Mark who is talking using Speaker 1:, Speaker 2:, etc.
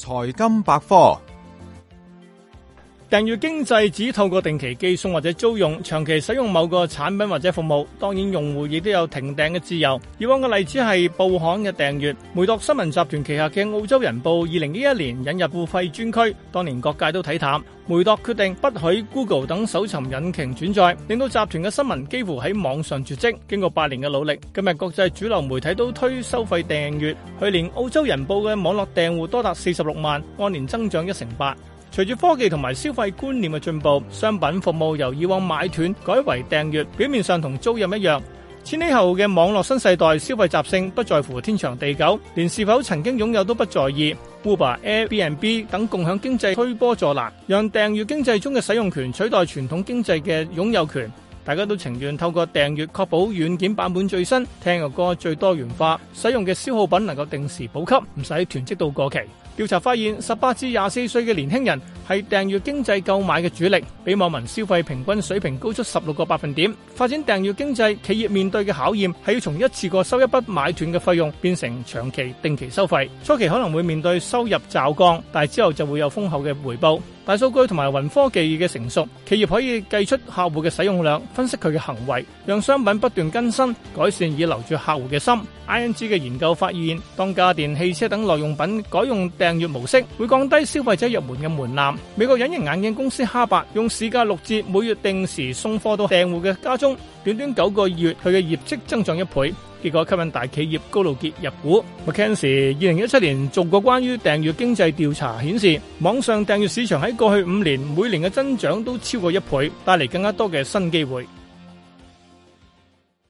Speaker 1: 財金百科。訂閱經濟指透過定期寄送或者租用，長期使用某個產品或者服務，當然用戶亦都有停訂嘅自由。以往嘅例子係報刊嘅訂閱，梅鐸新聞集團旗下嘅澳洲人報二零一一年引入付費專區，當年各界都睇淡，梅鐸決定不許 Google 等搜尋引擎轉載，令到集團嘅新聞幾乎喺網上絕迹。經過八年嘅努力，今日國際主流媒體都推收費訂閱。去年澳洲人報嘅網絡訂戶多達四十六萬，按年增長一成八。隨住科技同埋消費觀念嘅進步，商品服務由以往買斷改為訂閱，表面上同租賃一樣。千禧後嘅網絡新世代消費習性，不在乎天長地久，連是否曾經擁有都不在意。Uber、Airbnb 等共享經濟推波助瀾，讓訂閱經濟中嘅使用權取代傳統經濟嘅擁有權。大家都情願透過訂閱確保軟件版本最新、聽嘅歌最多元化、使用嘅消耗品能夠定時補給，唔使囤積到過期。調查發現，十八至廿四歲嘅年輕人係訂閱經濟購買嘅主力，比網民消費平均水平高出十六個百分點。發展訂閱經濟，企業面對嘅考驗係要從一次過收一筆買斷嘅費用變成長期定期收費，初期可能會面對收入驟降，但係之後就會有豐厚嘅回報。大數據同埋雲科技嘅成熟，企業可以計出客戶嘅使用量，分析佢嘅行為，讓商品不斷更新改善，以留住客戶嘅心。ING 嘅研究發現，當家電、汽車等耐用品改用訂閱模式，會降低消費者入門嘅門檻。美國隱形眼鏡公司哈伯用市價六折、每月定時送貨到訂戶嘅家中，短短九個月，佢嘅業績增長一倍，結果吸引大企業高露潔入股。McKenzie 二零一七年做過關於訂閱經濟調查顯，顯示網上訂閱市場喺過去五年每年嘅增長都超過一倍，帶嚟更加多嘅新機會。